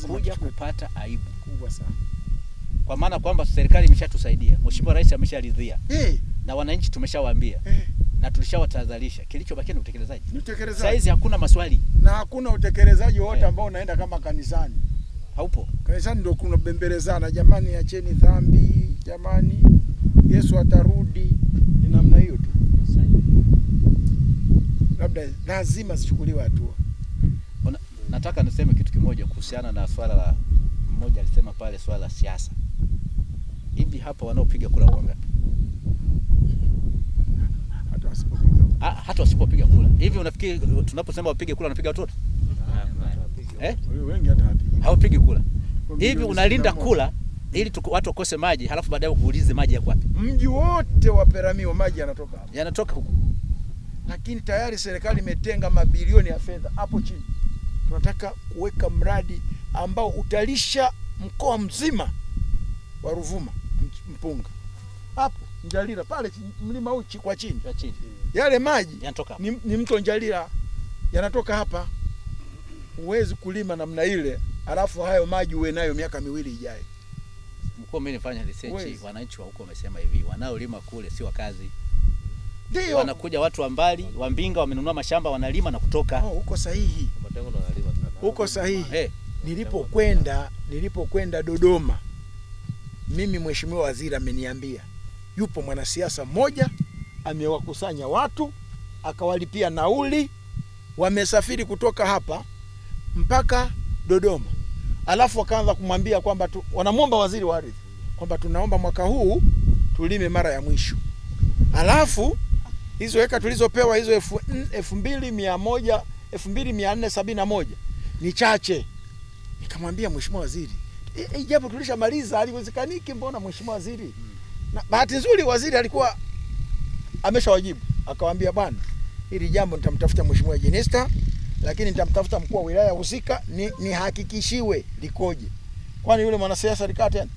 kuja kupata aibu kubwa sana, kwa maana kwamba serikali imeshatusaidia, Mheshimiwa Rais amesharidhia hey. Eh. na wananchi tumeshawaambia hey. Eh. na tulishawatahadharisha, kilichobakia ni utekelezaji. Saizi hakuna maswali na hakuna utekelezaji wote hey. Eh. ambao unaenda kama kanisani, haupo. Kanisani ndio kuna bembelezana, jamani, acheni dhambi, jamani, Yesu atarudi. Ni namna hiyo tu, labda lazima zichukuliwe hatua. Nataka niseme kitu kimoja kuhusiana na swala la mmoja alisema pale swala la siasa. Hivi hapa wanaopiga kura wangapi? Ah, hata wasipopiga kura. Hivi unafikiri tunaposema wapige kura wanapiga watoto? Eh? Wengi hata hawapigi kura. Hivi unalinda kura ili tuku, watu wakose maji halafu baadaye ukuulize maji yako wapi? Mji wote wa Peramiho maji yanatoka hapo. Yanatoka huko. Lakini tayari serikali imetenga mabilioni ya fedha hapo chini tunataka kuweka mradi ambao utalisha mkoa mzima wa Ruvuma mpunga hapo Njalira pale mlima huu kwa chini kwa chini, yale maji yanatoka ni, ni mto Njalira yanatoka hapa. Huwezi kulima namna ile alafu hayo maji uwe nayo miaka miwili ijayo. Mkuu, mimi nifanya research, wananchi wa huko wamesema hivi, wanaolima kule si wakazi ndio. Wanakuja watu wa mbali, wa Mbinga wamenunua mashamba wanalima na kutoka. Oh, huko sahihi. Huko sahihi. Hey. Eh. Nilipokwenda nilipokwenda Dodoma mimi Mheshimiwa Waziri ameniambia yupo mwanasiasa mmoja amewakusanya watu akawalipia nauli, wamesafiri kutoka hapa mpaka Dodoma, alafu wakaanza kumwambia kwamba tu, wanamwomba waziri wa ardhi kwamba tunaomba mwaka huu tulime mara ya mwisho, alafu hizo heka tulizopewa hizo mm, elfu mbili mia moja elfu mbili mia nne sabini na moja ni chache. Nikamwambia mheshimiwa waziri, ijapo e, e, tulishamaliza aliwezekaniki, mbona mheshimiwa waziri hmm. Na bahati nzuri waziri alikuwa ameshawajibu akawaambia, bwana, hili jambo nitamtafuta mheshimiwa Jenista, lakini nitamtafuta mkuu wa wilaya husika ni nihakikishiwe likoje, kwani yule mwanasiasa alikaa tena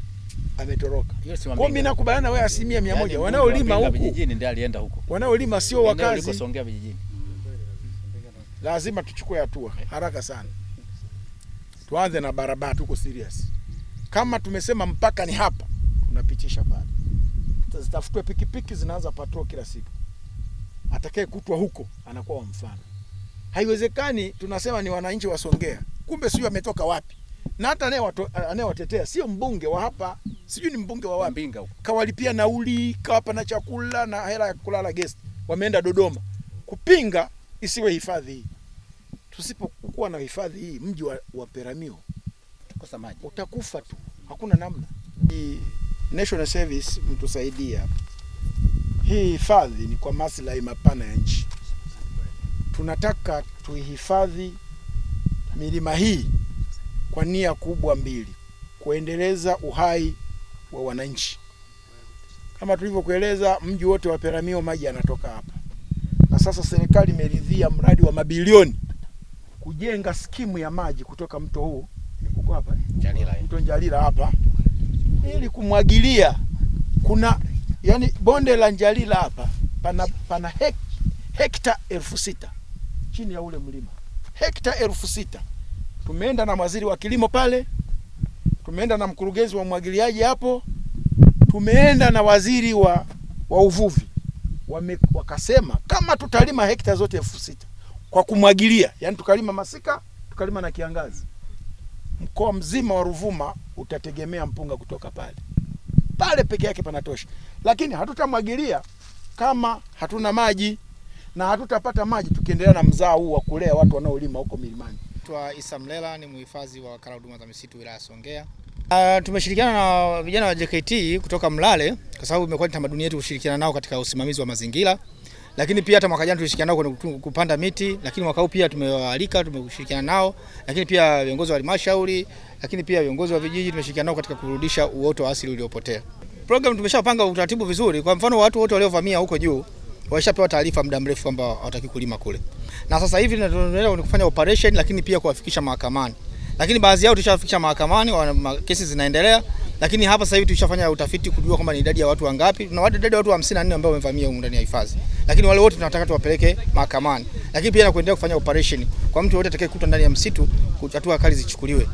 ametoroka. Kwa mimi nakubaliana wewe asilimia mia yaani moja. Wanaolima huko vijijini ndio alienda huko, wanaolima sio wakazi Songea vijijini. Lazima tuchukue hatua haraka sana, tuanze na barabara. Tuko serious kama tumesema mpaka ni hapa, tunapitisha pale, zitafutwe pikipiki zinaanza patrol kila siku, atakaye kutwa huko anakuwa wa mfano. Haiwezekani tunasema ni wananchi wa Songea, kumbe sio ametoka wapi na hata anayewatetea sio mbunge wa hapa, sijui ni mbunge wa wapi, kawalipia nauli, kawapa na chakula na hela ya kulala guest, wameenda Dodoma kupinga isiwe hifadhi hii. Tusipokuwa na hifadhi hii, mji wa, wa Peramio tukosa maji, utakufa tu, hakuna namna. Hii National Service mtusaidia, hii hifadhi ni kwa maslahi mapana ya nchi. Tunataka tuihifadhi milima hii kwa nia kubwa mbili: kuendeleza uhai wa wananchi. Kama tulivyokueleza, mji wote wa Peramiho maji yanatoka hapa, na sasa serikali imeridhia mradi wa mabilioni kujenga skimu ya maji kutoka mto huu uko hapa Njalila, mto Njalila hapa, ili kumwagilia. Kuna yani bonde la Njalila hapa pana, pana hek, hekta elfu sita chini ya ule mlima hekta elfu sita tumeenda na waziri wa kilimo pale, tumeenda na mkurugenzi wa umwagiliaji hapo, tumeenda na waziri wa, wa uvuvi Wame, wakasema kama tutalima hekta zote elfu sita kwa kumwagilia, yani tukalima masika tukalima na kiangazi, mkoa mzima wa Ruvuma utategemea mpunga kutoka pale pale peke yake panatosha, lakini hatutamwagilia kama hatuna maji, na hatutapata maji tukiendelea na mzaa huu wa kulea watu wanaolima huko milimani. Naitwa Isa Mlela, ni mhifadhi wa wakala huduma za misitu wilaya Songea. Uh, tumeshirikiana na vijana wa JKT kutoka Mlale kwa sababu imekuwa ni tamaduni yetu kushirikiana nao katika usimamizi wa mazingira, lakini pia hata mwaka jana tulishirikiana nao kwenye kupanda miti, lakini mwaka huu pia tumewaalika, tumeshirikiana nao, lakini pia viongozi wa halmashauri, lakini pia viongozi wa vijiji tumeshirikiana nao katika kurudisha uoto wa asili uliopotea. Program tumeshapanga utaratibu vizuri, kwa mfano watu wote waliovamia huko juu Waishapewa taarifa muda mrefu kwamba hawataki kulima kule, na sasa hivi tunaendelea kufanya operation, lakini pia kuwafikisha mahakamani, lakini baadhi yao tushawafikisha mahakamani, kesi zinaendelea. Lakini hapa sasa hivi tulishafanya utafiti kujua kwamba ni idadi ya watu wangapi. Tuna idadi ya watu 54 ambao wamevamia huko ndani ya hifadhi, lakini wale wote tunataka tuwapeleke mahakamani, lakini pia na kuendelea kufanya operation kwa mtu yote atakayekuta ndani ya msitu, hatua kali zichukuliwe.